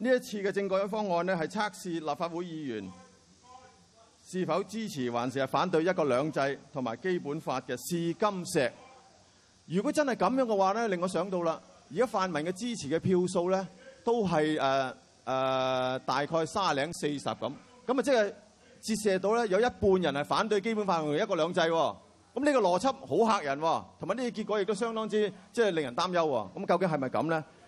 呢一次嘅政改方案呢，係測試立法會議員是否支持還是係反對一國兩制同埋基本法嘅試金石。如果真係咁樣嘅話咧，令我想到啦，而家泛民嘅支持嘅票數咧，都係誒誒大概三十零四十咁，咁啊即係折射到咧有一半人係反對基本法同一國兩制喎。咁呢個邏輯好嚇人喎，同埋呢個結果亦都相當之即係、就是、令人擔憂喎。咁究竟係咪咁咧？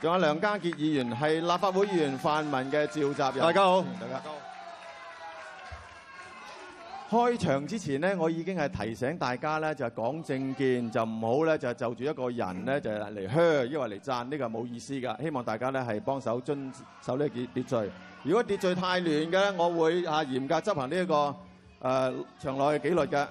仲有梁家傑議員係立法會議員泛民嘅召集人。大家好大家，大家好！開場之前呢，我已經係提醒大家咧，就係講政見就唔好咧，就就住一個人咧，就嚟噓，抑或嚟讚，呢、呢個冇意思噶。希望大家咧係幫手遵守呢個秩序。如果秩序太亂嘅，我會啊嚴格執行呢、呢、一個誒、呃、場內嘅紀律嘅。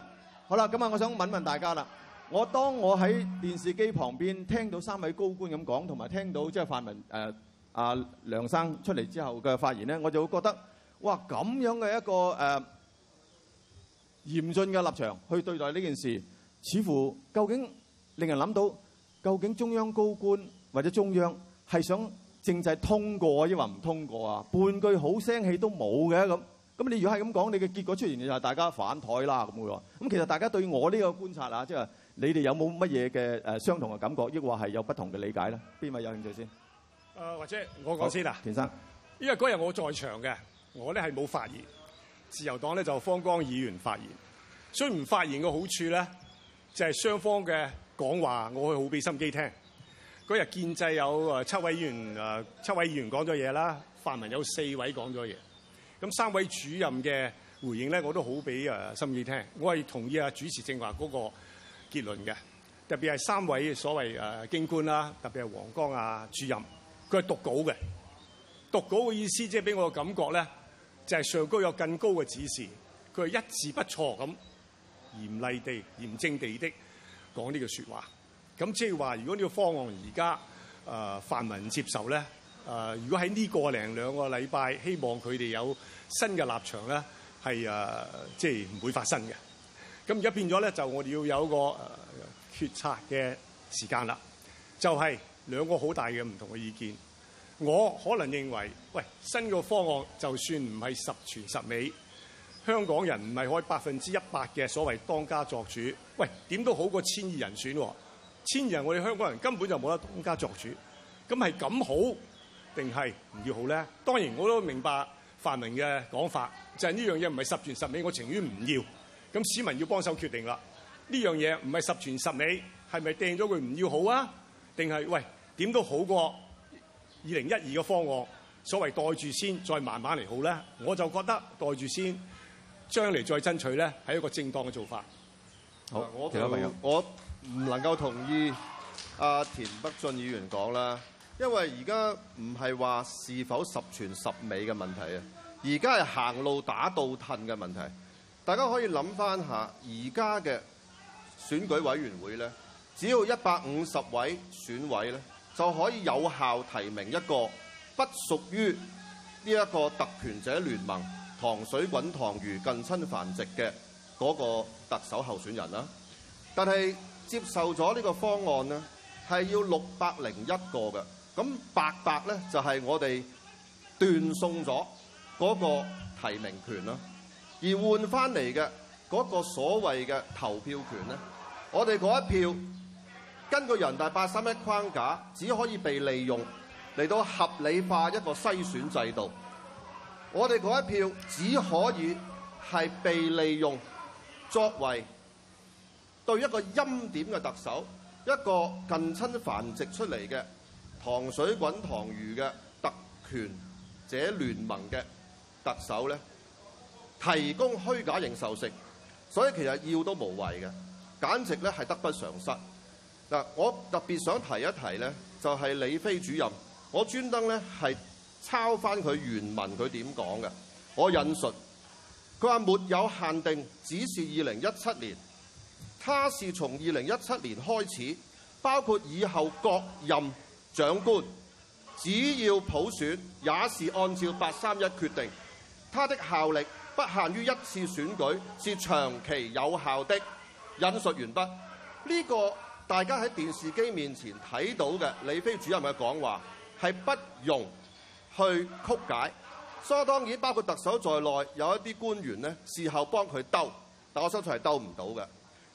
好啦，咁我想問問大家啦。我當我喺電視機旁邊聽到三位高官咁講，同埋聽到即係泛民誒阿梁生出嚟之後嘅發言咧，我就會覺得哇咁樣嘅一個誒嚴峻嘅立場去對待呢件事，似乎究竟令人諗到究竟中央高官或者中央係想政制通過啊，抑或唔通過啊？半句好聲氣都冇嘅咁。咁你如果係咁講，你嘅結果出現就係大家反台啦咁會話。咁其實大家對我呢個觀察啊，即係。你哋有冇乜嘢嘅誒相同嘅感覺，抑或係有不同嘅理解咧？邊位有興趣先？誒，或者我講先啊，田生。因為嗰日我在場嘅，我咧係冇發言。自由黨咧就是、方剛議員發言，所以唔發言嘅好處咧就係、是、雙方嘅講話，我會好俾心機聽。嗰日建制有誒七位議員誒、呃、七位議員講咗嘢啦，泛民有四位講咗嘢。咁三位主任嘅回應咧，我都好俾誒心意聽。我係同意啊，主持正話嗰個。結論嘅，特別係三位所謂誒京官啦，特別係黃剛啊主任，佢係讀稿嘅，讀稿嘅意思即係俾我嘅感覺咧，就係、是、上高有更高嘅指示，佢係一字不錯咁嚴厲地、嚴正地的講呢個說話，咁即係話如果呢個方案而家誒泛民接受咧，誒、呃、如果喺呢個零兩個禮拜，希望佢哋有新嘅立場咧，係誒即係唔會發生嘅。咁而家變咗咧，就我哋要有一個、呃、決策嘅時間啦。就係、是、兩個好大嘅唔同嘅意見。我可能認為，喂，新個方案就算唔係十全十美，香港人唔係可以百分之一百嘅所謂當家作主。喂，點都好過千二人選，啊，千人我哋香港人根本就冇得當家作主。咁係咁好定係唔要好咧？當然我都明白泛民嘅講法，就係呢樣嘢唔係十全十美，我情願唔要。咁市民要幫手決定啦，呢樣嘢唔係十全十美，係咪掟咗佢唔要好啊？定係喂點都好過二零一二嘅方案，所謂袋住先，再慢慢嚟好咧。我就覺得袋住先，將嚟再爭取咧，係一個正當嘅做法。好，我同，其他朋友，我唔能夠同意阿田北俊議員講啦，因為而家唔係話是否十全十美嘅問題啊，而家係行路打倒褪嘅問題。大家可以諗翻下，而家嘅選舉委員會咧，只要一百五十位選委咧，就可以有效提名一個不屬於呢一個特權者聯盟、糖水滾湯丸近親繁殖嘅嗰個特首候選人啦。但係接受咗呢個方案咧，係要六百零一個嘅，咁白白咧就係我哋斷送咗嗰個提名權啦。而換翻嚟嘅嗰個所謂嘅投票權咧，我哋嗰一票根據人大八三一框架，只可以被利用嚟到合理化一個篩選制度。我哋嗰一票只可以係被利用作為對一個欽點嘅特首，一個近親繁殖出嚟嘅糖水滾糖魚嘅特權者聯盟嘅特首咧。提供虛假認受性，所以其實要都無謂嘅，簡直咧係得不償失嗱。我特別想提一提咧，就係李飛主任，我專登咧係抄返佢原文，佢點講嘅，我引述佢話沒有限定，只是二零一七年，他是從二零一七年開始，包括以後各任長官，只要普選也是按照八三一決定，他的效力。不限於一次選舉，是長期有效的。引述完畢，呢個大家喺電視機面前睇到嘅李飛主任嘅講話，係不容去曲解。所以當然包括特首在內，有一啲官員呢，事後幫佢兜，但我相信係兜唔到嘅。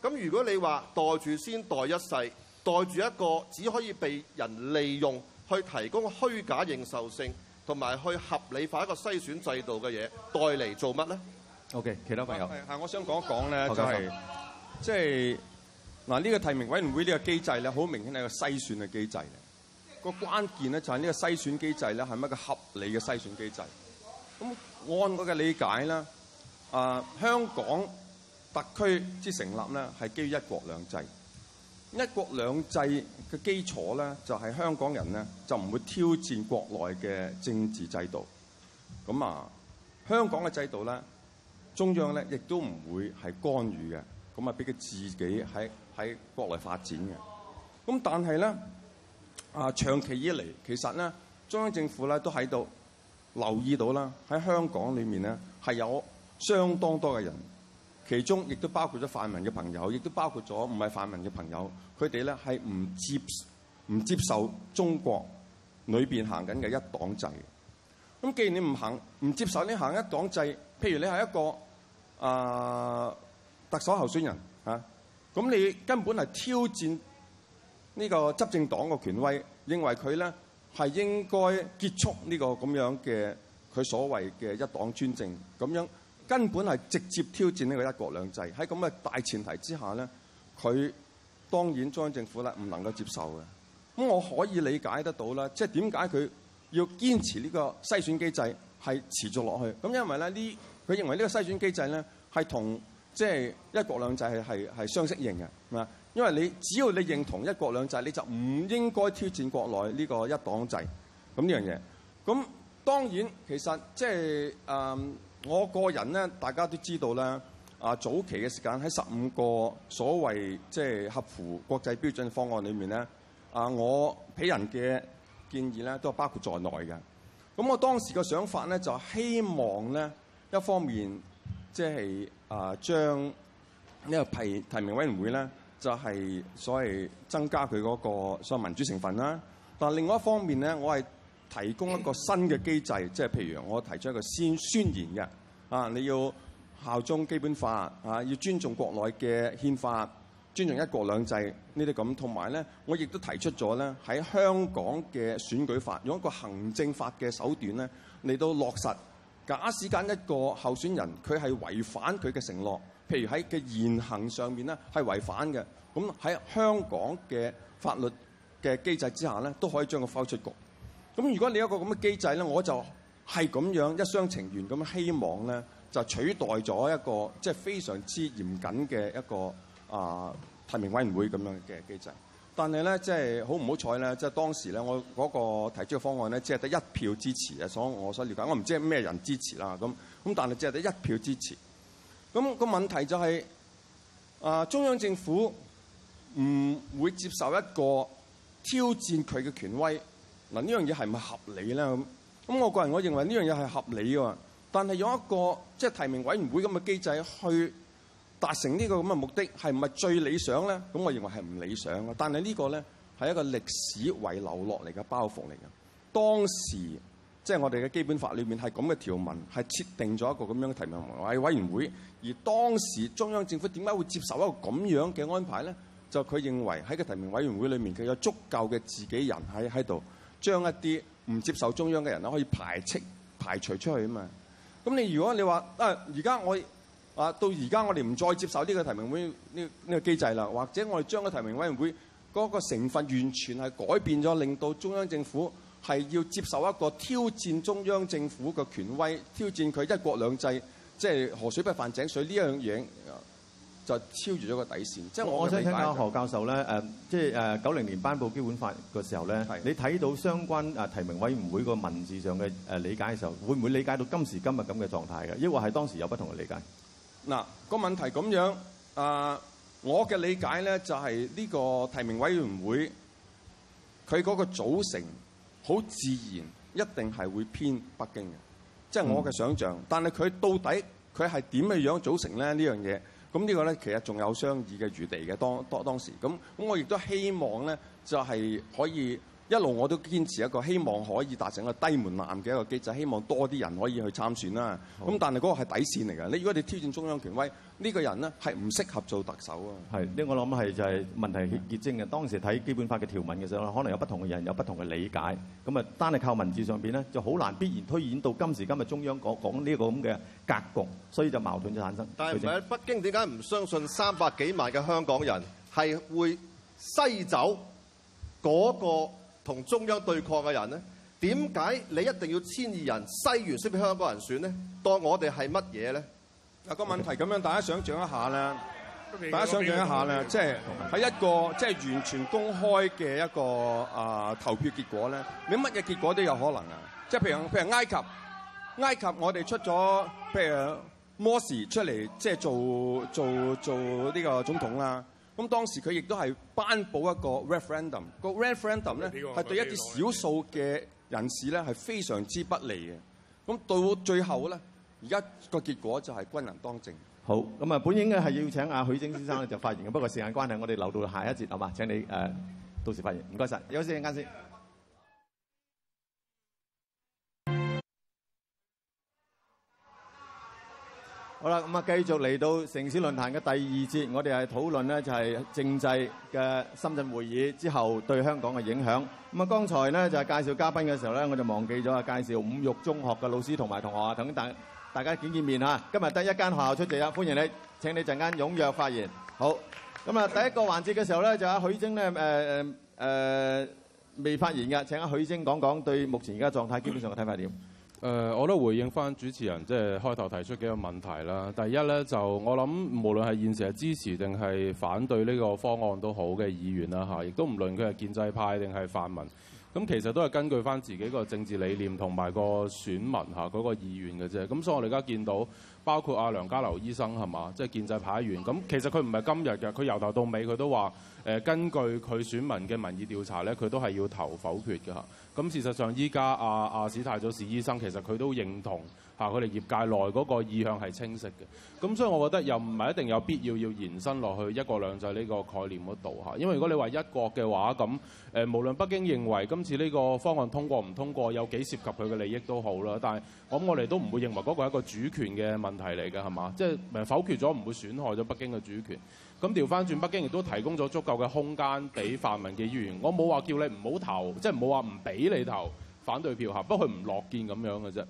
咁如果你話袋住先袋一世，袋住一個只可以被人利用去提供虛假認受性。同埋去合理化一個篩選制度嘅嘢，代嚟做乜咧？O.K. 其他朋友，係、啊、我想講一講咧、okay, 就係 okay. 就係，就係即係嗱呢個提名委員會呢個機制咧，好明顯係一個篩選嘅機制。嚟、那。個關鍵咧就係、是、呢個篩選機制咧係乜個合理嘅篩選機制？咁按我嘅理解咧，啊香港特區之成立咧係基於一國兩制。一國兩制嘅基礎咧，就係香港人咧就唔會挑戰國內嘅政治制度。咁啊，香港嘅制度咧，中央咧亦都唔會係干預嘅。咁啊，俾佢自己喺喺國內發展嘅。咁但係咧，啊長期以嚟，其實咧中央政府咧都喺度留意到啦，喺香港裏面咧係有相當多嘅人。其中亦都包括咗泛民嘅朋友，亦都包括咗唔係泛民嘅朋友，佢哋咧係唔接唔接受中國裏邊行緊嘅一黨制。咁既然你唔行唔接受你行一黨制，譬如你係一個啊、呃、特首候選人嚇，咁、啊、你根本係挑戰呢個執政黨嘅權威，認為佢咧係應該結束呢個咁樣嘅佢所謂嘅一黨專政咁樣。根本係直接挑戰呢個一國兩制，喺咁嘅大前提之下咧，佢當然中央政府咧唔能夠接受嘅。咁我可以理解得到啦，即係點解佢要堅持呢個篩選機制係持續落去。咁因為咧呢，佢認為呢個篩選機制咧係同即係一國兩制係係係相適應嘅，係嘛？因為你只要你認同一國兩制，你就唔應該挑戰國內呢個一黨制咁呢樣嘢。咁當然其實即係嗯。我個人咧，大家都知道咧，啊早期嘅時間喺十五個所謂即係合乎國際標準方案裏面咧，啊我俾人嘅建議咧都係包括在內嘅。咁我當時嘅想法咧就希望咧一方面即係啊將呢個提提名委員會咧就係所謂增加佢嗰個所謂民主成分啦。但係另外一方面咧，我係提供一個新嘅機制，即係譬如我提出一個先宣言嘅啊，你要效忠基本法啊，要尊重國內嘅憲法，尊重一國兩制這些呢啲咁，同埋咧，我亦都提出咗咧喺香港嘅選舉法用一個行政法嘅手段咧嚟到落實，假使間一個候選人佢係違反佢嘅承諾，譬如喺嘅言行上面咧係違反嘅，咁喺香港嘅法律嘅機制之下咧都可以將佢拋出局。咁如果你有個咁嘅機制咧，我就係咁樣一廂情願咁希望咧，就取代咗一個即係、就是、非常之嚴謹嘅一個啊、呃、提名委員會咁樣嘅機制。但係咧，即係好唔好彩咧，即、就、係、是、當時咧，我嗰個提出嘅方案咧，只係得一票支持啊！所以我所了解，我唔知係咩人支持啦。咁咁，但係只係得一票支持。咁、那個問題就係、是、啊、呃，中央政府唔會接受一個挑戰佢嘅權威。嗱，呢樣嘢係咪合理咧？咁，咁我個人我認為呢樣嘢係合理嘅，但係有一個即係、就是、提名委員會，咁嘅機制去達成呢個咁嘅目的，係唔係最理想咧？咁我認為，係唔理想嘅。但係呢個咧係一個歷史遺留落嚟嘅包袱嚟嘅。當時即係、就是、我哋嘅基本法裏面係咁嘅條文，係設定咗一個咁樣嘅提名委委員會。而當時中央政府點解會接受一個咁樣嘅安排咧？就佢認為，喺個提名委員會裏面佢有足夠嘅自己人喺喺度。將一啲唔接受中央嘅人咧，可以排斥排除出去啊嘛。咁你如果你話啊，而家我啊到而家我哋唔再接受呢個提名委呢呢個機制啦，或者我哋將個提名委員會嗰個成分完全係改變咗，令到中央政府係要接受一個挑戰中央政府嘅權威，挑戰佢一國兩制，即係河水不犯井水呢樣嘢。就超越咗個底線，即、就、係、是、我理解、就是。我想聽下何教授咧，誒、呃，即係誒九零年頒布基本法嘅時候咧，係你睇到相關誒提名委員會個文字上嘅誒理解嘅時候，會唔會理解到今時今日咁嘅狀態嘅？抑或係當時有不同嘅理解？嗱，個問題咁樣啊、呃，我嘅理解咧就係呢個提名委員會佢嗰個組成好自然，一定係會偏北京嘅，即、就、係、是、我嘅想象、嗯，但係佢到底佢係點嘅樣組成咧？呢樣嘢？咁呢個呢，其實仲有商議嘅餘地嘅，當當當時，咁我亦都希望呢，就係可以。一路我都堅持一個希望可以達成一個低門檻嘅一個機制，希望多啲人可以去參選啦。咁但係嗰個係底線嚟㗎。你如果你挑戰中央權威，呢、呢個人呢係唔適合做特首啊。係呢，呢個、我諗係就係問題結結晶嘅。當時睇基本法嘅條文嘅時候，可能有不同嘅人有不同嘅理解。咁啊，單係靠文字上面咧就好難必然推演到今時今日中央講講呢個個咁嘅格局，所以就矛盾就產生。但係唔係北京點解唔相信三百幾萬嘅香港人係會篩走嗰、嗰個同中央對抗嘅人咧，點解你一定要千二人篩完先俾香港人選咧？當我哋係乜嘢咧？啊、這個問題咁樣，大家想象一下咧，大家想象一下咧，即係喺一個即係、嗯就是就是、完全公開嘅一個啊、呃、投票結果咧，你乜嘢結果都有可能啊！即係譬如譬如埃及，埃及我哋出咗譬如摩士出嚟，即、就、係、是、做做做呢個總統啦。嗯嗯。咁當時佢亦都係頒布一個 referendum，個 referendum 咧係對一啲少數嘅人士咧係非常之不利嘅。咁到最後咧，而家個結果就係軍人當政。好，咁啊，本應嘅係要請阿許晶先生咧就發言嘅，不過時間關係，我哋留到下一節好嘛？請你誒到時發言，唔該曬，有陣間先。好啦，咁啊，繼續嚟到城市論壇嘅第二節，我哋係討論咧就係政制嘅深圳會議之後對香港嘅影響。咁啊，剛才咧就係介紹嘉賓嘅時候咧，我就忘記咗啊，介紹五育中學嘅老師同埋同學，等大大家見見面嚇。今日得一間學校出席啦，歡迎你，請你陣間踴躍發言。好，咁啊，第一個環節嘅時候咧，就阿許晶咧誒誒未發言嘅，請阿許晶講講對目前而家狀態基本上嘅睇法係點。誒、呃，我都回應翻主持人，即係開頭提出幾個問題啦。第一呢，就我諗，無論係現時係支持定係反對呢個方案都好嘅議員啦嚇，亦都唔論佢係建制派定係泛民，咁其實都係根據翻自己個政治理念同埋個選民嚇嗰個意願嘅啫。咁所以我哋而家見到，包括阿梁家騮醫生係嘛，即係、就是、建制派一員，咁其實佢唔係今日嘅，佢由頭到尾佢都話。根據佢選民嘅民意調查呢，佢都係要投否決嘅。咁事實上依家阿阿史泰祖史醫生其實佢都認同嚇，佢哋業界內嗰個意向係清晰嘅。咁所以我覺得又唔係一定有必要要延伸落去一國兩制呢個概念嗰度。因為如果你話一國嘅話，咁誒無論北京認為今次呢個方案通過唔通過，有幾涉及佢嘅利益都好啦。但係咁我哋都唔會認為嗰個係一個主權嘅問題嚟嘅係嘛？即係係否決咗唔會損害咗北京嘅主權？咁調翻轉，北京亦都提供咗足夠嘅空間俾泛民嘅議員。我冇話叫你唔好投，即係冇話唔俾你投反對票嚇。不過佢唔樂見咁樣嘅啫。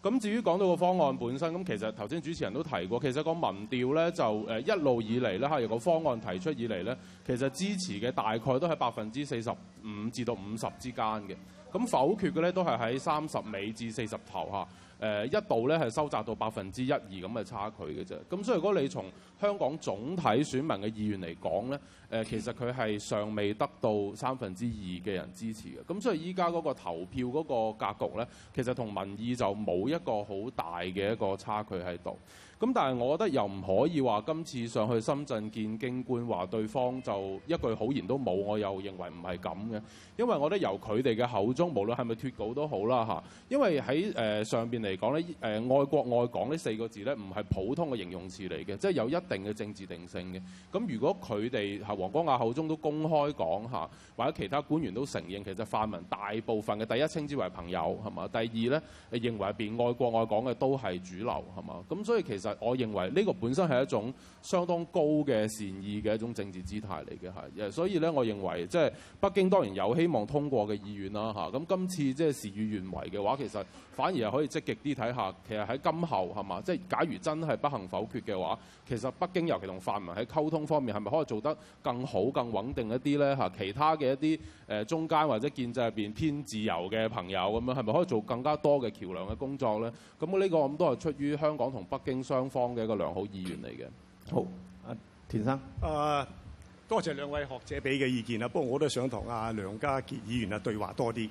咁至於講到個方案本身，咁其實頭先主持人都提過，其實個民調咧就一路以嚟咧嚇，係個方案提出以嚟咧，其實支持嘅大概都係百分之四十五至到五十之間嘅。咁否決嘅咧都係喺三十尾至四十頭嚇。誒一度咧係收窄到百分之一二咁嘅差距嘅啫，咁所以如果你從香港總體選民嘅意願嚟講咧，誒其實佢係尚未得到三分之二嘅人支持嘅，咁所以依家嗰個投票嗰個格局咧，其實同民意就冇一個好大嘅一個差距喺度。咁但係我覺得又唔可以話今次上去深圳見京官，話對方就一句好言都冇，我又認為唔係咁嘅，因為我覺得由佢哋嘅口中，無論係咪脫稿都好啦嚇，因為喺、呃、上面嚟講呢，誒愛國愛港呢四個字呢，唔係普通嘅形容詞嚟嘅，即係有一定嘅政治定性嘅。咁如果佢哋係黃光亞口中都公開講嚇，或者其他官員都承認，其實泛民大部分嘅第一稱之為朋友係嘛，第二呢你認為入邊愛國愛港嘅都係主流係嘛，咁所以其實。我認為呢個本身係一種。相當高嘅善意嘅一種政治姿態嚟嘅，係所以呢，我認為即係北京當然有希望通過嘅意願啦，嚇、啊、咁今次即係事與願違嘅話，其實反而係可以積極啲睇下。其實喺今後係嘛，即係假如真係不幸否決嘅話，其實北京尤其同泛民喺溝通方面係咪可以做得更好、更穩定一啲呢？嚇、啊，其他嘅一啲誒、呃、中間或者建制入邊偏自由嘅朋友咁樣，係咪可以做更加多嘅橋梁嘅工作呢？咁呢、這個咁、嗯、都係出於香港同北京雙方嘅一個良好意願嚟嘅。好，阿田生，誒、uh, 多謝兩位學者俾嘅意見啦。不過我都想同阿梁家傑議員啊對話多啲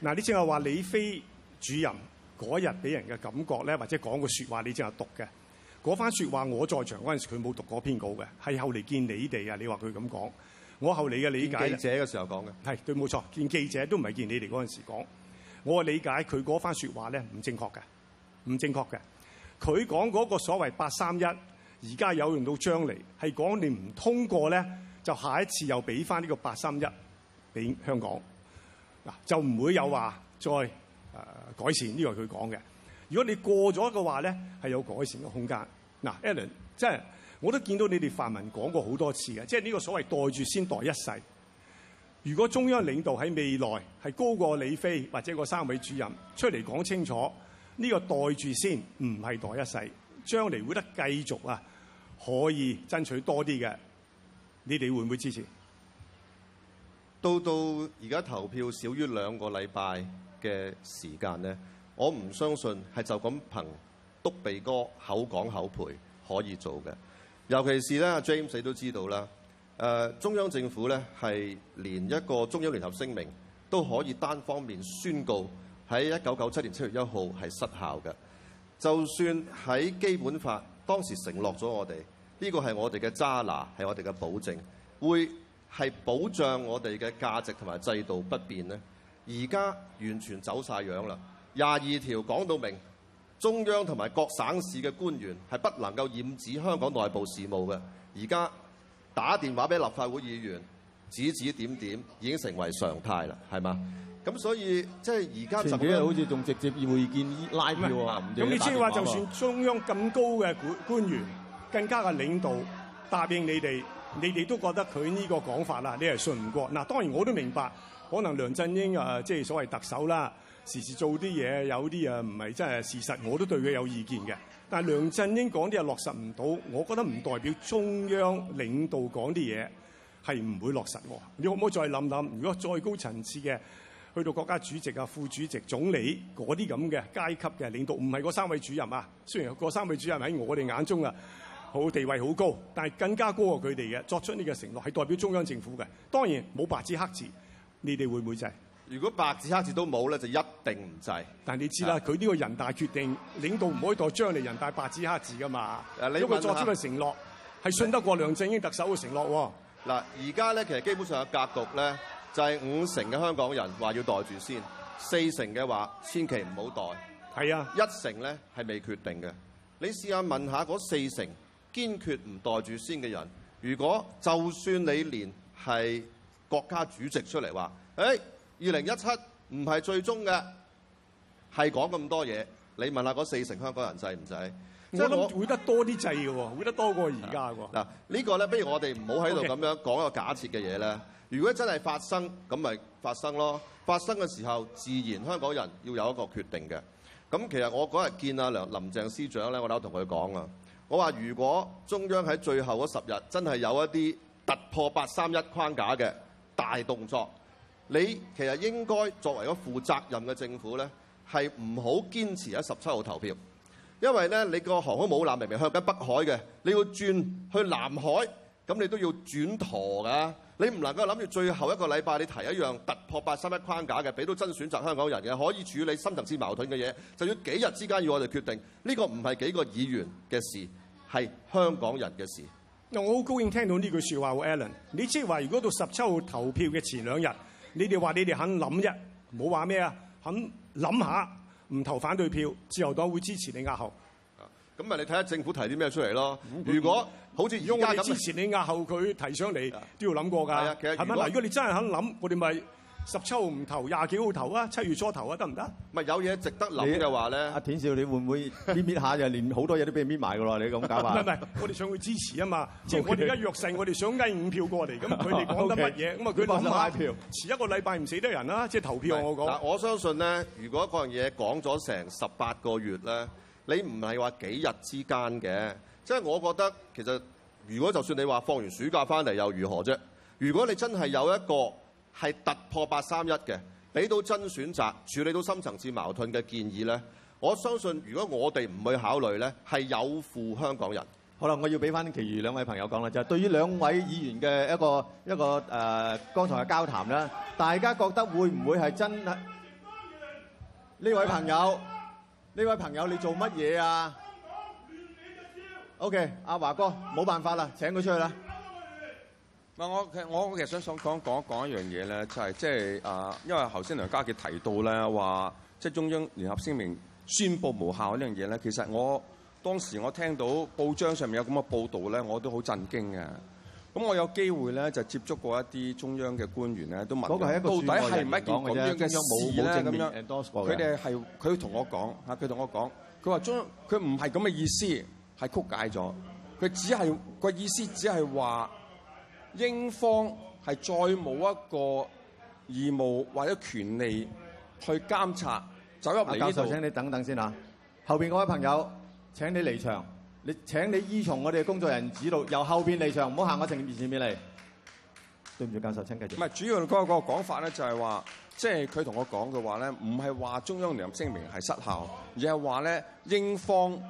嗱。你即係話李飛主任嗰日俾人嘅感覺咧，或者講嘅説話你，你即係讀嘅嗰番説話。我在場嗰陣時，佢冇讀過嗰篇稿嘅，係後嚟見你哋啊。你話佢咁講，我後嚟嘅理解。見記者嘅時候講嘅係對冇錯。見記者都唔係見你哋嗰陣時講，我嘅理解佢嗰番説話咧唔正確嘅，唔正確嘅。佢講嗰個所謂八三一。而家有用到將嚟係講，你唔通過咧，就下一次又俾翻呢個八三一俾香港嗱，就唔會有話再誒、呃、改善呢個係佢講嘅。如果你過咗嘅話咧，係有改善嘅空間嗱、啊。Alan 即係我都見到你哋泛民講過好多次嘅，即係呢個所謂待住先待一世。如果中央領導喺未來係高過李飛或者個三位主任出嚟講清楚，呢、呢個待住先唔係待一世，將嚟會得繼續啊！可以爭取多啲嘅，你哋會唔會支持？到到而家投票少於兩個禮拜嘅時間咧，我唔相信係就咁憑篤鼻哥口講口賠可以做嘅。尤其是咧，阿 James 都知道啦。誒，中央政府咧係連一個中英聯合聲明都可以單方面宣告喺一九九七年七月一號係失效嘅。就算喺基本法當時承諾咗我哋。呢個係我哋嘅揸拿，係我哋嘅保證，會係保障我哋嘅價值同埋制度不變咧。而家完全走晒樣啦！廿二條講到明，中央同埋各省市嘅官員係不能夠染指香港內部事務嘅。而家打電話俾立法會議員指指點點，已經成為常態啦，係嘛？咁所以即係而家，前幾日好似仲直接會見拉票啊，咁你即係話，就算中央咁高嘅官官員？更加嘅領導答應你哋，你哋都覺得佢呢個講法啦，你係信唔過。嗱。當然我都明白，可能梁振英啊，即係所謂特首啦，時時做啲嘢有啲啊唔係真係事實，我都對佢有意見嘅。但係梁振英講啲嘢落實唔到，我覺得唔代表中央領導講啲嘢係唔會落實。我，你可唔可以再諗諗，如果再高層次嘅，去到國家主席啊、副主席、總理嗰啲咁嘅階級嘅領導，唔係嗰三位主任啊。雖然嗰三位主任喺我哋眼中啊。好地位好高，但係更加高過佢哋嘅作出呢個承諾，係代表中央政府嘅。當然冇白紙黑字，你哋會唔會制？如果白紙黑字都冇咧，就一定唔制。但係你知啦，佢呢個人大決定領導唔可以代將嚟人大白紙黑字㗎嘛。你因為作出個承諾係信得過梁振英特首嘅承諾嗱。而家咧，其實基本上嘅格局咧就係五成嘅香港人話要袋住先，四成嘅話千祈唔好袋。係啊，一成咧係未決定嘅。你試下問下嗰四成堅決唔袋住先嘅人，如果就算你連係國家主席出嚟話，誒二零一七唔係最終嘅，係講咁多嘢，你問下嗰四成香港人制唔制？我諗會得多啲制嘅喎，會得多過而家喎。嗱、啊啊這個、呢個咧，不如我哋唔好喺度咁樣講一個假設嘅嘢咧。Okay. 如果真係發生，咁咪發生咯。發生嘅時候，自然香港人要有一個決定嘅。咁其實我嗰日見阿林林鄭司長咧，我都同佢講啊。我話如果中央喺最後嗰十日真係有一啲突破八三一框架嘅大動作，你其實應該作為一個負責任嘅政府呢，係唔好堅持喺十七號投票，因為呢，你個航空母艦明明向緊北海嘅，你要轉去南海。咁你都要轉舵㗎，你唔能夠諗住最後一個禮拜你提一樣突破八三一框架嘅，俾到真選擇香港人嘅，可以處理深層次矛盾嘅嘢，就要幾日之間要我哋決定。呢個唔係幾個議員嘅事，係香港人嘅事。我好高興聽到呢句説話，好 Alan。你即係話，如果到十七號投票嘅前兩日，你哋話你哋肯諗一，唔好話咩啊，肯諗下，唔投反對票，自由黨會支持你押後。咁咪你睇下政府提啲咩出嚟咯？如果好似而家咁，之前你押後佢提上嚟，都要諗過㗎。係、啊啊、其實，係咪嗱？如果你真係肯諗，我哋咪十七號唔投，廿幾號投啊，七月初投啊，得唔得？咪有嘢值得諗嘅話咧，阿田少，你會唔會搣搣下就連好多嘢都俾你搣埋㗎咯？你咁搞法啊？唔係唔係，我哋想去支持啊嘛。即 係我哋而家弱勢，我哋想嗌五票過嚟。咁佢哋講得乜嘢？咁 啊， 佢講得派票，遲一個禮拜唔死得人啦、啊。即、就、係、是、投票，我講。我相信咧，如果嗰樣嘢講咗成十八個月咧。你唔係話幾日之間嘅，即係我覺得其實如果就算你話放完暑假返嚟又如何啫？如果你真係有一個係突破八三一嘅，俾到真選擇，處理到深層次矛盾嘅建議呢？我相信如果我哋唔去考慮呢，係有負香港人。好啦，我要俾返其餘兩位朋友講啦，就係、是、對於兩位議員嘅一個一個誒、呃，剛才嘅交談咧，大家覺得會唔會係真係呢、啊、位朋友？呢位朋友，你做乜嘢啊？OK，阿華哥，冇辦法啦，請佢出去啦。嗱，我其實我其實想想講講講一樣嘢咧，就係即係啊，因為頭先梁家傑提到咧話，即係中央聯合聲明宣布無效呢樣嘢咧，其實我當時我聽到報章上面有咁嘅報導咧，我都好震驚嘅。咁我有機會咧，就接觸過一啲中央嘅官員咧，都問我到底係唔係一件咁樣嘅事咧？咁樣佢哋係佢同我講嚇，佢同我講，佢話中佢唔係咁嘅意思，係曲解咗。佢只係個意思只是說，只係話英方係再冇一個義務或者權利去監察走入嚟呢度。教授，請你等等先嚇，後邊嗰位朋友請你離場。你請你依從我哋嘅工作人員指導，由後邊離場，唔好行我正面前面嚟。對唔住，教授，請繼續。唔係主要嗰個講法咧，就係話，即係佢同我講嘅話咧，唔係話中央聯合聲明係失效，而係話咧英方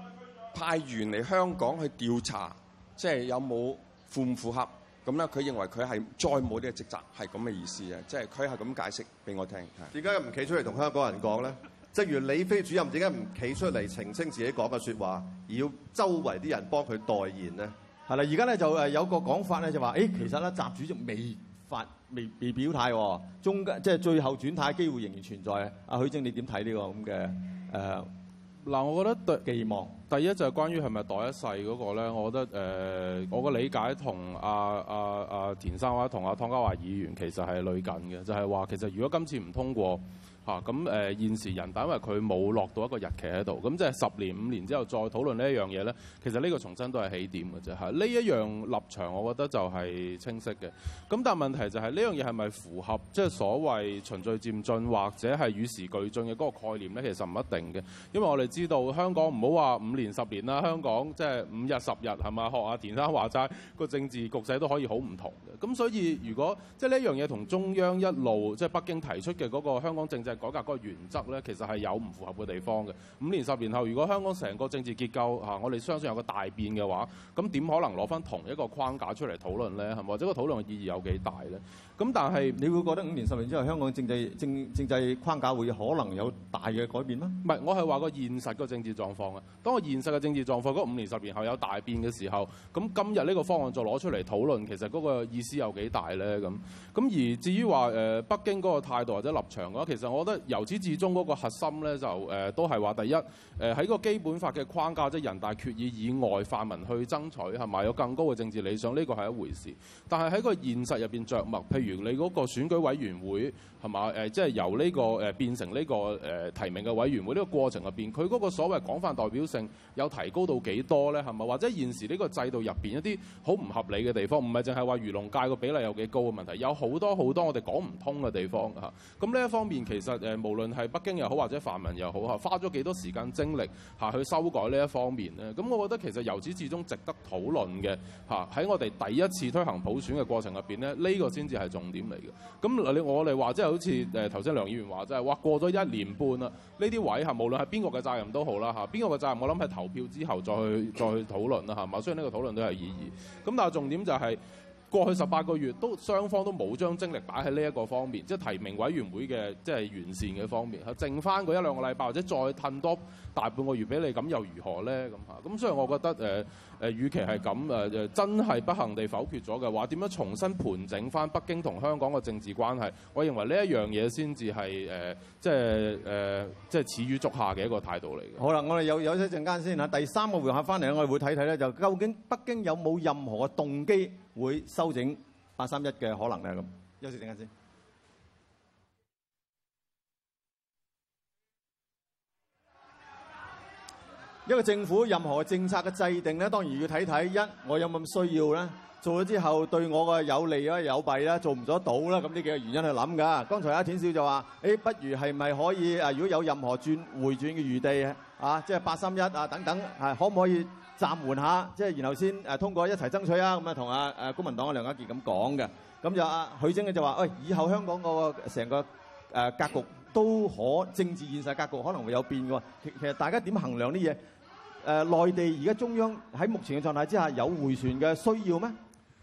派員嚟香港去調查，即係有冇符唔符合？咁咧，佢認為佢係再冇呢個職責，係咁嘅意思啊！即係佢係咁解釋俾我聽。而家唔企出嚟同香港人講咧？即如李飛主任點解唔企出嚟澄清自己講嘅説話，而要周圍啲人幫佢代言呢？係啦，而家咧就誒有個講法咧，就話誒其實咧習主席未發未未表態，中即係、就是、最後轉態機會仍然存在。阿許正你看這這，你點睇呢個咁嘅誒？嗱，我覺得對寄望。第一就係關於係咪袋一世嗰個咧，我覺得誒、呃、我個理解同阿阿阿田生或者啊同阿湯家驊議員其實係類近嘅，就係、是、話其實如果今次唔通過。咁、啊呃、現時人大因為佢冇落到一個日期喺度，咁即係十年五年之後再討論呢一樣嘢咧，其實呢個重新都係起點嘅啫吓，呢一樣立場，我覺得就係清晰嘅。咁但問題就係呢樣嘢係咪符合即係、就是、所謂循序漸進或者係與時俱進嘅嗰個概念咧？其實唔一定嘅，因為我哋知道香港唔好話五年十年啦，香港即係、就是、五日十日係咪學阿田生話齋，那個政治局勢都可以好唔同嘅。咁所以如果即係呢樣嘢同中央一路即係、就是、北京提出嘅嗰個香港政制，改革嗰個原則呢，其實係有唔符合嘅地方嘅。五年十年後，如果香港成個政治結構嚇，我哋相信有個大變嘅話，咁點可能攞翻同一個框架出嚟討論呢？係咪？或者個討論嘅意義有幾大呢？咁但係你會覺得五年十年之後香港政制政政制框架會可能有大嘅改變呢？唔係，我係話個現實個政治狀況啊。當個現實嘅政治狀況嗰五年十年後有大變嘅時候，咁今日呢個方案再攞出嚟討論，其實嗰個意思有幾大呢？咁咁而至於話誒北京嗰個態度或者立場嘅話，其實我。由始至終嗰個核心咧，就誒、呃、都係話第一誒喺、呃、個基本法嘅框架即係人大決議以外泛民去爭取係咪有更高嘅政治理想呢、這個係一回事。但係喺個現實入邊着墨，譬如你嗰個選舉委員會係嘛誒，即係由呢、這個誒、呃、變成呢、這個誒、呃、提名嘅委員會呢個過程入邊，佢嗰個所謂廣泛代表性有提高到幾多咧？係咪或者現時呢個制度入邊一啲好唔合理嘅地方，唔係淨係話漁農界個比例有幾高嘅問題，有好多好多我哋講唔通嘅地方嚇。咁呢一方面其實。誒無論係北京又好或者泛民又好嚇，花咗幾多時間精力下去修改呢一方面咧？咁我覺得其實由始至終值得討論嘅嚇，喺我哋第一次推行普選嘅過程入邊咧，呢個先至係重點嚟嘅。咁嗱，你我哋話即係好似誒頭先梁議員話即係話過咗一年半啦，呢啲位係無論係邊個嘅責任都好啦嚇，邊個嘅責任？我諗係投票之後再去再去討論啦係，嘛。雖然呢個討論都係意義，咁但係重點就係、是。過去十八個月都雙方都冇將精力擺喺呢一個方面，即係提名委員會嘅即係完善嘅方面，剩翻嗰一兩個禮拜或者再褪多大半個月俾你，咁又如何呢？咁吓，咁所以我覺得誒。呃誒、呃，與其係咁誒，真係不幸地否決咗嘅話，點樣重新盤整翻北京同香港嘅政治關係？我認為呢一樣嘢先至係誒，即係誒，即、呃、係、呃呃呃呃、始於足下嘅一個態度嚟嘅。好啦，我哋有有一陣間先嚇，第三個回合翻嚟咧，我哋會睇睇咧，就究竟北京有冇任何動機會修整八三一嘅可能咧？咁，休息陣間先。一個政府任何嘅政策嘅制定咧，當然要睇睇一我有冇咁需要咧，做咗之後對我嘅有利啊，有弊啦，做唔做到啦，咁呢幾個原因去諗㗎。剛才阿田少就話，誒，不如係咪可以誒？如果有任何轉回轉嘅餘地啊，即係八三一啊等等，係可唔可以暫緩下？即係然後先誒通過一齊爭取啊？咁啊，同阿誒公民黨嘅梁家傑咁講嘅。咁就阿許生嘅就話，喂，以後香港個成個誒格局都可政治現實格局可能會有變㗎喎。其實大家點衡量啲嘢？誒、呃，內地而家中央喺目前嘅狀態之下有回旋嘅需要咩？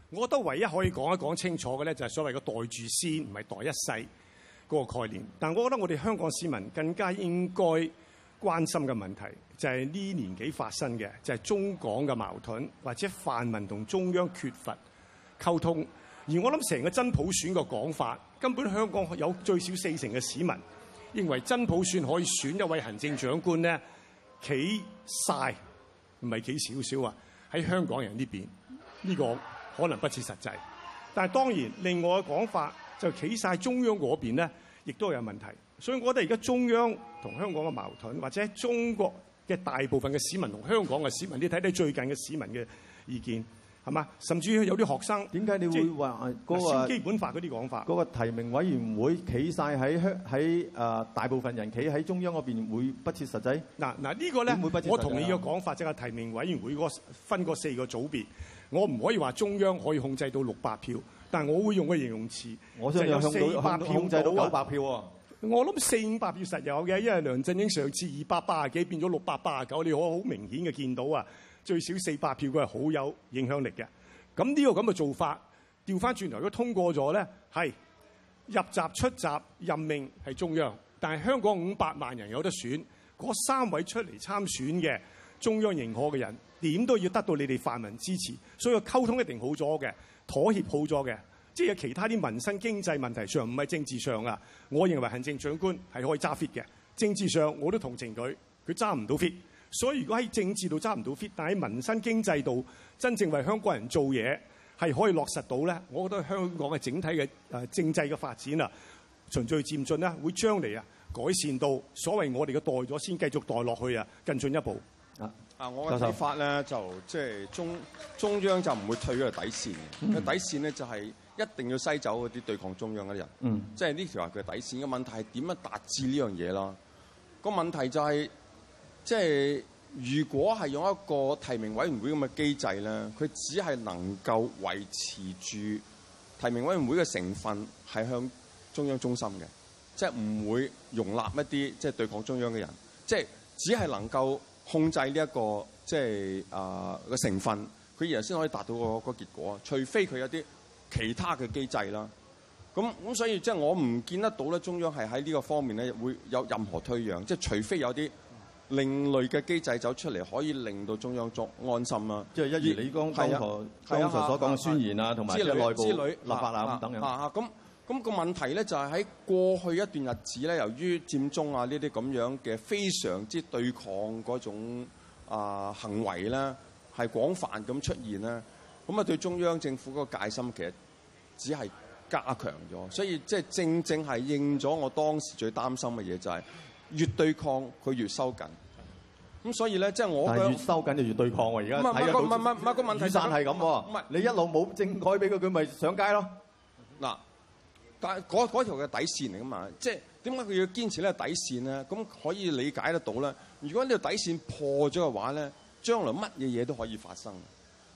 我覺得唯一可以講一講清楚嘅咧，就係所謂嘅袋住先，唔係袋一世嗰個概念。但我覺得我哋香港市民更加應該關心嘅問題就是的，就係呢年幾發生嘅，就係中港嘅矛盾，或者泛民同中央缺乏溝通。而我諗成個真普選嘅講法，根本香港有最少四成嘅市民認為真普選可以選一位行政長官呢。企晒，唔係企少少啊，喺香港人呢邊，呢個可能不切實際。但係當然另外嘅講法就企晒中央嗰邊咧，亦都有問題。所以我覺得而家中央同香港嘅矛盾，或者中國嘅大部分嘅市民同香港嘅市民，你睇睇最近嘅市民嘅意見。係嘛？甚至有啲學生點解你會話嗰、嗰個基本法嗰啲講法？嗰、嗰個提名委員會企晒喺喺誒大部分人企喺中央嗰邊會不切實際？嗱嗱呢個咧，我同你嘅講法，即、就、係、係、提名委員會嗰分嗰四個組別，我唔可以話中央可以控制到六百票，但係我會用個形容詞，即係有四百票控制到九百票、啊、我諗四五百票實有嘅，因為梁振英上次二百八啊幾變咗六百八十九，你可好明顯嘅見到啊！最少四百票，佢係好有影響力嘅。咁呢個咁嘅做法，調翻轉頭，如果通過咗咧，係入閘出閘任命係中央，但係香港五百萬人有得選，嗰三位出嚟參選嘅中央認可嘅人，點都要得到你哋泛民支持，所以溝通一定好咗嘅，妥協好咗嘅，即係有其他啲民生經濟問題上唔係政治上啊，我認為行政長官係可以揸 fit 嘅，政治上我都同情佢，佢揸唔到 fit。所以如果喺政治度揸唔到 fit，但喺民生經濟度真正為香港人做嘢，係可以落實到咧。我覺得香港嘅整體嘅誒、呃、政制嘅發展啊，循序漸進咧，會將嚟啊改善到所謂我哋嘅代咗先繼續代落去啊，更進一步。啊，啊，我嘅睇法咧就即係、就是、中中央就唔會退咗個底線嘅，個、嗯、底線咧就係一定要篩走嗰啲對抗中央嘅人。嗯，即係呢條係佢底線嘅問題係點樣達至呢樣嘢咯？個問題就係、是。即、就、係、是、如果係用一個提名委員會咁嘅機制咧，佢只係能夠維持住提名委員會嘅成分係向中央中心嘅，即係唔會容納一啲即係對抗中央嘅人，即、就、係、是、只係能夠控制呢、這、一個即係啊個成分，佢而家先可以達到個個結果。除非佢有啲其他嘅機制啦，咁咁所以即係、就是、我唔見得到咧，中央係喺呢個方面咧會有任何退讓，即、就、係、是、除非有啲。另類嘅機制走出嚟，可以令到中央作安心啊！即係一如你剛才、啊、剛才所講嘅、啊、宣言啊，同埋之類之類、內部、支旅、立法啊等等。啊啊！咁、啊、咁、啊啊那個問題咧，就係、是、喺過去一段日子咧，由於佔中啊呢啲咁樣嘅非常之對抗嗰種啊行為咧，係廣泛咁出現咧，咁啊對中央政府嗰個戒心其實只係加強咗，所以即係、就是、正正係應咗我當時最擔心嘅嘢，就係越對抗佢越收緊。咁所以咧，即、就、係、是、我嘅越收緊就越對抗喎。而家睇到個問題雨傘係咁，你一路冇政改俾佢，佢咪上街咯。嗱，但係嗰條嘅底線嚟噶嘛？即係點解佢要堅持呢個底線咧？咁可以理解得到咧。如果呢條底線破咗嘅話咧，將來乜嘢嘢都可以發生。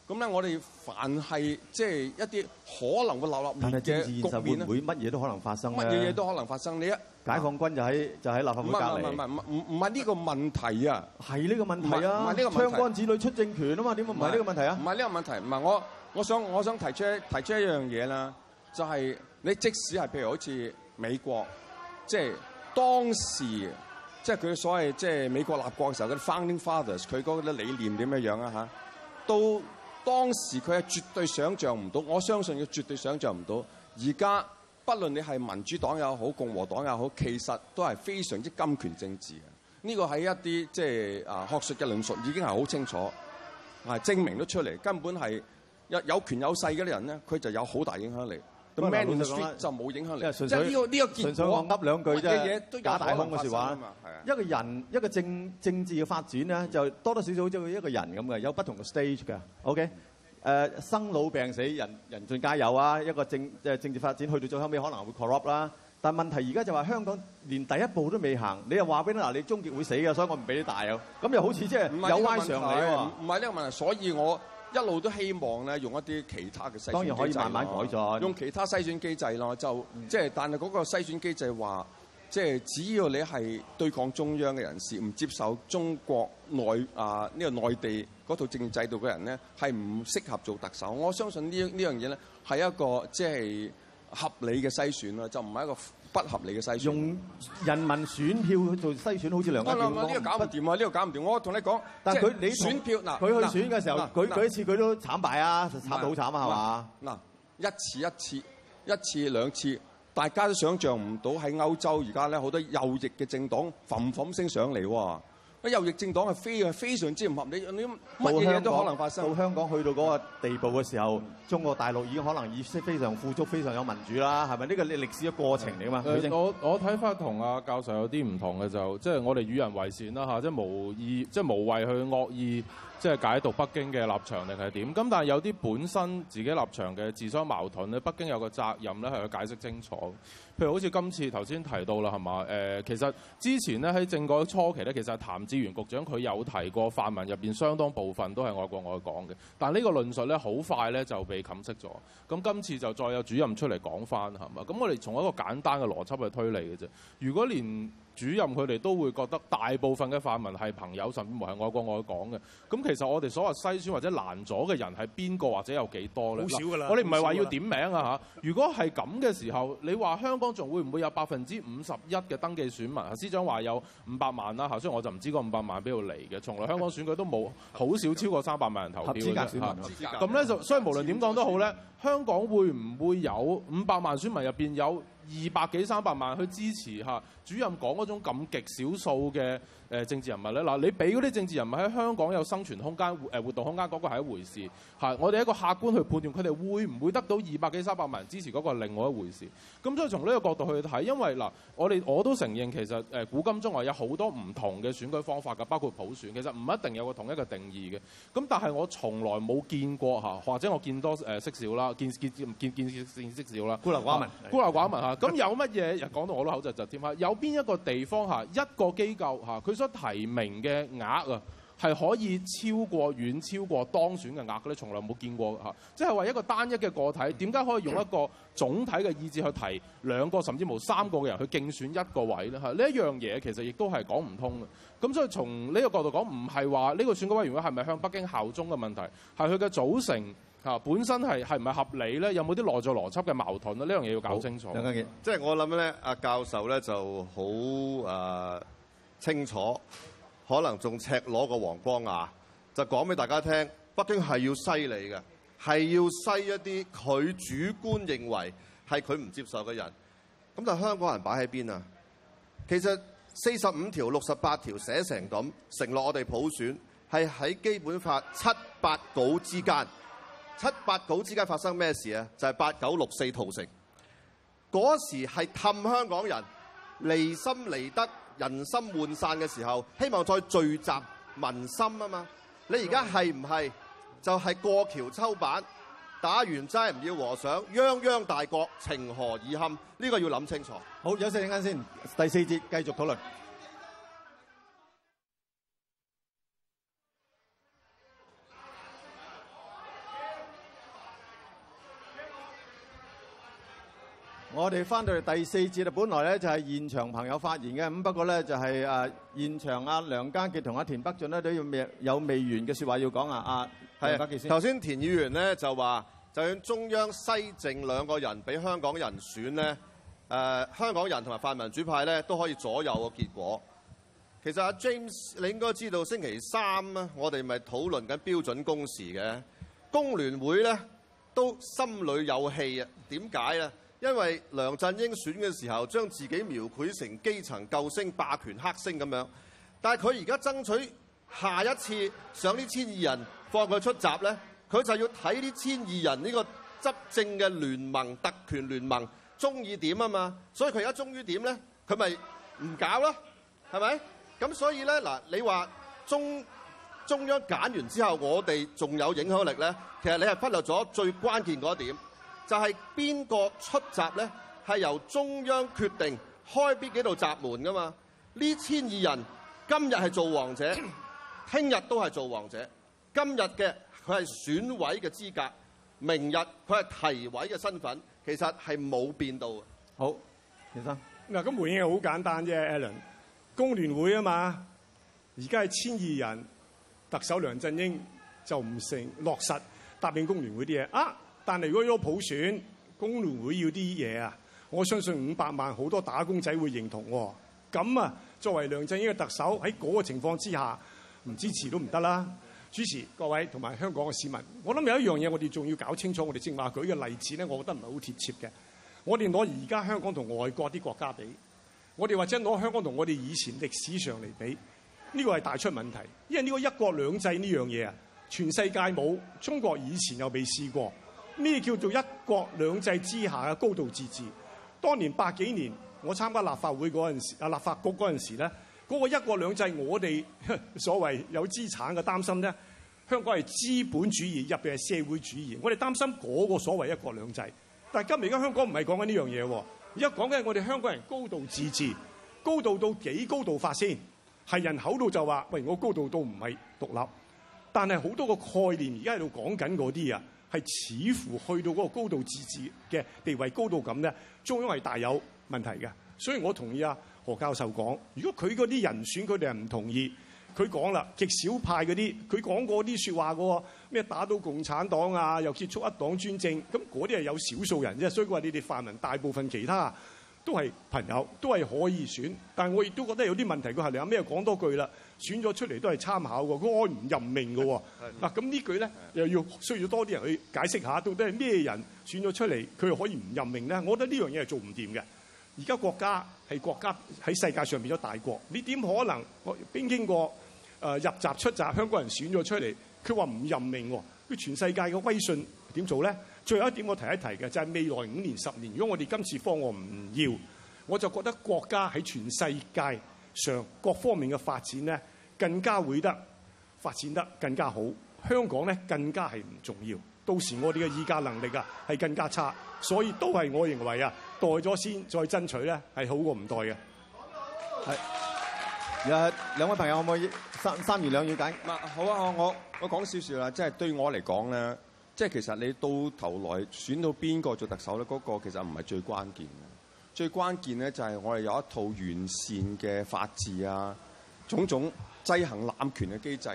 咁咧，我哋凡係即係一啲可能會立立亂嘅局面咧，乜嘢都可能發生。乜嘢嘢都可能發生呢發生你一？解放軍就喺就喺立法會隔籬。唔唔唔唔唔係呢個問題啊！係呢個問題啊唔係！槍杆、啊、子裏出政權啊嘛！點會唔係呢個問題啊唔係？唔係呢個問題，唔係我我想我想提出提出一樣嘢啦，就係、是、你即使係譬如好似美國，即、就、係、是、當時即係佢所謂即係、就是、美國立國嘅時候嗰啲 Founding Fathers，佢嗰啲理念點樣樣啊嚇，到當時佢係絕對想象唔到，我相信佢絕對想象唔到，而家。不論你係民主黨又好，共和黨又好，其實都係非常之金權政治嘅。呢個喺一啲即係啊學術嘅論述已經係好清楚，係證明咗出嚟，根本係有有權有勢嘅人咧，佢就有好大影響力。咁 m a n 就冇影響力，即係呢、呢個呢、呢個結果。純粹我噏兩句啫，假大空嘅説話。一個人一個政政治嘅發展咧，就多多少少好似一個人咁嘅，有不同嘅 stage 㗎。OK。誒、呃、生老病死，人人盡皆有啊！一個政、呃、政治發展去到最後尾可能會 corrupt 啦，但問問題而家就話香港連第一步都未行，你又話俾我聽嗱、呃，你終結會死嘅，所以我唔俾你大啊！咁又好似即係有歪常理，唔係呢個問題，所以我一路都希望咧用一啲其他嘅篩選機制、啊，用其他篩選機制咯、啊，就即係但係嗰個篩選機制話、啊。即係只要你係對抗中央嘅人士，唔接受中國內啊呢、呢個內地嗰套政治制度嘅人咧，係唔適合做特首。我相信呢呢件事呢呢樣嘢咧係一個即係、就係、合理嘅篩選啦，就唔係一個不合理嘅篩選。用人民選票去做篩選好，好似兩極對抗。呢、啊啊呢個搞唔掂、呢個呢個、啊！呢個搞唔掂。我同你講，但係佢你選票嗱，佢去選嘅時候，舉、啊、一次佢都慘敗啊，就慘到好慘啊，係、啊、嘛？嗱、啊啊，一次一次，一次兩次。大家都想像唔到喺歐洲而家咧好多右翼嘅政黨馳馳升上嚟喎、啊，右翼政黨係非非常之唔合理。乜嘢都可能發生。到香，香港去到嗰個地步嘅時候、嗯，中國大陸已經可能意識非常富足、非常有民主啦，係咪？呢個歷史嘅過程嚟㗎嘛。我我睇返同阿教授有啲唔同嘅，就即、是、係我哋與人為善啦，即係無意，即、就、係、是、無謂去惡意。即係解讀北京嘅立場定係點？咁但係有啲本身自己立場嘅自相矛盾咧，北京有個責任呢係要解釋清楚。譬如好似今次頭先提到啦，係嘛？誒、呃，其實之前呢，喺政改初期呢，其實譚志源局長佢有提過，泛民入邊相當部分都係愛國愛港嘅。但係呢個論述呢，好快呢就被冚熄咗。咁今次就再有主任出嚟講翻，係嘛？咁我哋從一個簡單嘅邏輯去推理嘅啫。如果連主任佢哋都會覺得大部分嘅泛民係朋友，甚至乎係愛國愛港嘅。咁其實我哋所謂篩選或者難咗嘅人係邊個或者有幾多呢？好少㗎啦！我哋唔係話要點名啊嚇。如果係咁嘅時候，你話香港仲會唔會有百分之五十一嘅登記選民？司長話有五百萬啦嚇，所以我就唔知個五百萬邊度嚟嘅。從來香港選舉都冇好少超過三百萬人投票嘅。合資格選民啊，咁咧就所以無論點講都好咧，香港會唔會有五百萬選民入面有？二百幾、三百萬去支持吓、啊、主任講嗰種咁極少數嘅。誒政治人物咧，嗱你俾嗰啲政治人物喺香港有生存空間、誒活動空間，嗰、嗰個係一回事。我哋一個客觀去判斷佢哋會唔會得到二百幾三百萬人支持，嗰、嗰個係另外一回事。咁所以從呢個角度去睇，因為嗱，我哋我都承認其實古今中外有好多唔同嘅選舉方法㗎，包括普選，其實唔一定有個同一個定義嘅。咁但係我從來冇見過嚇，或者我見多誒識、呃、少啦，見見見見識少啦，孤陋寡聞，孤陋寡聞嚇。咁有乜嘢？講 到我都口窒窒添嚇。有邊一個地方嚇一個機構嚇佢？出提名嘅額啊，係可以超過遠超過當選嘅額嘅咧，你從來冇見過嚇。即係話一個單一嘅個體，點解可以用一個總體嘅意志去提兩個甚至冇三個嘅人去競選一個位咧？嚇、啊，呢一樣嘢其實亦都係講唔通嘅。咁所以從呢個角度講，唔係話呢個選舉委員會係咪向北京效忠嘅問題，係佢嘅組成嚇、啊、本身係係唔係合理咧？有冇啲內在邏輯嘅矛盾咧？呢、啊、樣嘢要搞清楚。啊、即係我諗咧，阿教授咧就好啊。清楚，可能仲赤裸個黃光啊，就講俾大家聽。北京係要犀利嘅，係要篩一啲佢主觀認為係佢唔接受嘅人。咁就香港人擺喺邊啊？其實四十五條、六十八條寫成噉，承諾我哋普選係喺基本法七八稿之間，七八稿之間發生咩事啊？就係、是、八九六四屠城，嗰時係氹香港人，離心離德。人心渙散嘅時候，希望再聚集民心啊嘛！你而家係唔係就係過橋抽板打完齋唔要和尚？泱泱大國，情何以堪？呢個要諗清楚。好，休息陣間先，第四節繼續討論。我哋回到嚟第四節，本來就係現場朋友發言嘅，不過呢，就係現場阿梁家傑同阿田北俊都要有未完嘅説話要講啊。阿梁家傑先，頭先田議員呢就話，就算中央西政兩個人畀香港人選呢、呃，香港人同埋泛民主派呢都可以左右個結果。其實阿 James，你應該知道星期三咧，我哋咪討論緊標準工時嘅工聯會呢，都心裏有氣啊？點解咧？因為梁振英選嘅時候，將自己描繪成基層救星、霸權黑星咁樣，但係佢而家爭取下一次上啲千二人放佢出閘咧，佢就要睇呢千二人呢個執政嘅聯盟、特權聯盟中意點啊嘛，所以佢而家中於點咧，佢咪唔搞啦，係咪？咁所以咧嗱，你話中中央揀完之後我哋仲有影響力咧？其實你係忽略咗最關鍵嗰一點。就係邊個出閘咧？係由中央決定開邊幾度閘門噶嘛？呢千二人今日係做王者，聽 日都係做王者。今日嘅佢係選委嘅資格，明日佢係提委嘅身份，其實係冇變到。好，先生嗱，咁回應又好簡單啫。Alan，工聯會啊嘛，而家係千二人，特首梁振英就唔成落實答應工聯會啲嘢啊。但係，如果有普選工聯會要啲嘢啊，我相信五百萬好多打工仔會認同咁、哦、啊。作為梁振英嘅特首喺嗰個情況之下，唔支持都唔得啦。主持各位同埋香港嘅市民，我諗有一樣嘢，我哋仲要搞清楚，我哋正話舉嘅例子咧，我覺得唔係好貼切嘅。我哋攞而家香港同外國啲國家比，我哋或者攞香港同我哋以前歷史上嚟比，呢個係大出問題，因為呢個一國兩制呢樣嘢啊，全世界冇，中國以前又未試過。咩叫做一國兩制之下嘅高度自治？當年八幾年我參加立法會嗰陣時，啊立法局嗰陣時咧，嗰、嗰個一國兩制我，我哋所謂有資產嘅擔心咧，香港係資本主義入邊係社會主義，我哋擔心嗰個所謂一國兩制。但係今日而家香港唔係講緊呢樣嘢，而家講緊我哋香港人高度自治，高度到幾高度法先？係人口度就話，喂，我高度到唔係獨立，但係好多個概念而家喺度講緊嗰啲啊。係似乎去到嗰個高度自治嘅地位高度咁咧，中央係大有問題嘅。所以我同意啊何教授講，如果佢嗰啲人選佢哋係唔同意，佢講啦極少派嗰啲，佢講過啲説話嘅喎，咩打倒共產黨啊，又結束一黨專政，咁嗰啲係有少數人啫。所以話你哋泛民大部分其他。都係朋友，都係可以選，但係我亦都覺得有啲問題。佢係你有咩講多句啦，選咗出嚟都係參考嘅，佢可唔任命嘅喎。嗱， 咁呢句咧又要需要多啲人去解釋一下，到底係咩人選咗出嚟，佢又可以唔任命咧？我覺得呢樣嘢係做唔掂嘅。而家國家係國家喺世界上變咗大國，你點可能邊經過誒、呃、入閘出閘香港人選咗出嚟，佢話唔任命喎，佢全世界嘅威信點做咧？最後一點我提一提嘅就係未來五年十年，如果我哋今次方案唔要，我就覺得國家喺全世界上各方面嘅發展咧，更加會得發展得更加好。香港咧更加係唔重要，到時我哋嘅議價能力啊係更加差，所以都係我認為啊，代咗先再爭取咧係好過唔代嘅。係，有兩位朋友可唔可以三三言兩語解？好啊，我我我講少少啦，即係對我嚟講咧。即係其實你到頭來選到邊個做特首咧？嗰個其實唔係最關鍵嘅，最關鍵咧就係我哋有一套完善嘅法治啊，種種制衡攬權嘅機制。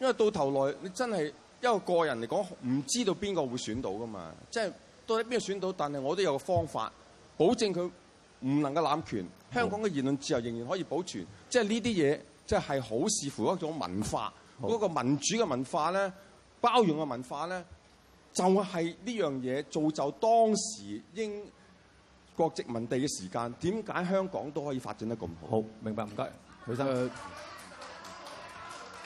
因為到頭來你真係因為個人嚟講，唔知道邊個會選到噶嘛？即係到底邊個選到，但係我都有個方法保證佢唔能夠攬權。香港嘅言論自由仍然可以保存，即係呢啲嘢即係係好視乎一種文化嗰個民主嘅文化咧，包容嘅文化咧。就係呢樣嘢造就當時英國殖民地嘅時間，點解香港都可以發展得咁好？好，明白唔該，許生。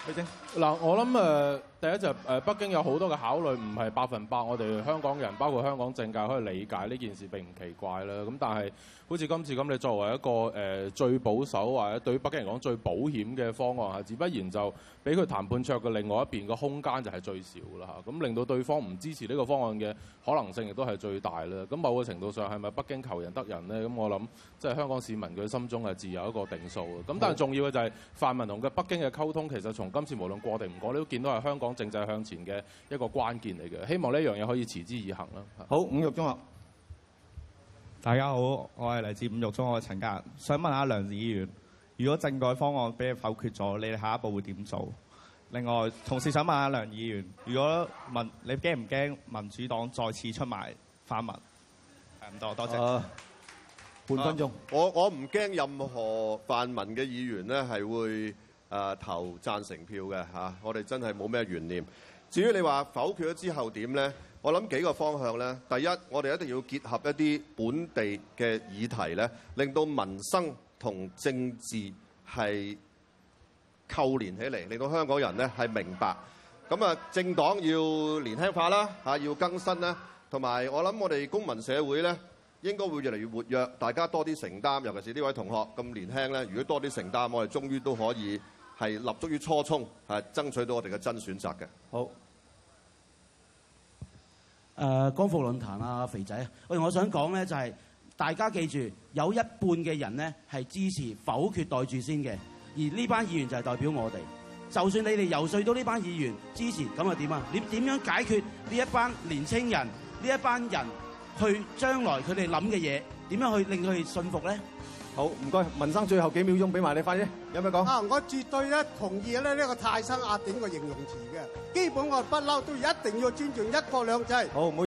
許生嗱，我諗誒。第一就誒、是呃，北京有好多嘅考慮唔係百分百我哋香港人，包括香港政界可以理解呢件事並唔奇怪啦。咁但係好似今次咁，你作為一個誒、呃、最保守或者對北京嚟講最保險嘅方案嚇，自不然就俾佢談判桌嘅另外一邊個空間就係最少啦，咁令到對方唔支持呢個方案嘅可能性亦都係最大啦。咁某個程度上係咪北京求仁得仁咧？咁我諗即係香港市民佢心中係自有一個定數嘅。咁但係重要嘅就係、是、泛民同嘅北京嘅溝通，其實從今次無論過定唔過你都見到係香港。政制向前嘅一個關鍵嚟嘅，希望呢樣嘢可以持之以恒啦。好，五育中學啊，大家好，我係嚟自五育中學，我嘅陳家仁，想問下梁議員，如果政改方案俾你否決咗，你哋下一步會點做？另外，同時想問下梁議員，如果民你驚唔驚民主黨再次出賣泛民？唔、啊、多，多謝。半、啊、分鐘。啊、我我唔驚任何泛民嘅議員呢係會，啊、投贊成票嘅、啊、我哋真係冇咩懸念。至於你話否決咗之後點呢？我諗幾個方向呢，第一，我哋一定要結合一啲本地嘅議題呢，令到民生同政治係扣連起嚟，令到香港人呢係明白。咁啊，政黨要年輕化啦，啊、要更新啦。同埋我諗我哋公民社會呢，應該會越嚟越活躍，大家多啲承擔。尤其是呢位同學咁年輕呢，如果多啲承擔，我哋終於都可以。係立足於初衷，係爭取到我哋嘅真選擇嘅。好，誒、呃、光復論壇啊，肥仔啊，喂我想講咧，就係、是、大家記住，有一半嘅人咧係支持否決待住先嘅，而呢班議員就係代表我哋。就算你哋遊說到呢班議員支持，咁又點啊？你點樣解決呢一班年青人呢一班人去將來佢哋諗嘅嘢，點樣去令佢哋信服咧？好，唔該，文生最後幾秒鐘俾埋你快啲，有咩講？啊，我絕對咧同意咧、這、呢個泰山壓頂個形容詞嘅，基本我不嬲都一定要尊重一國兩制。好唔該？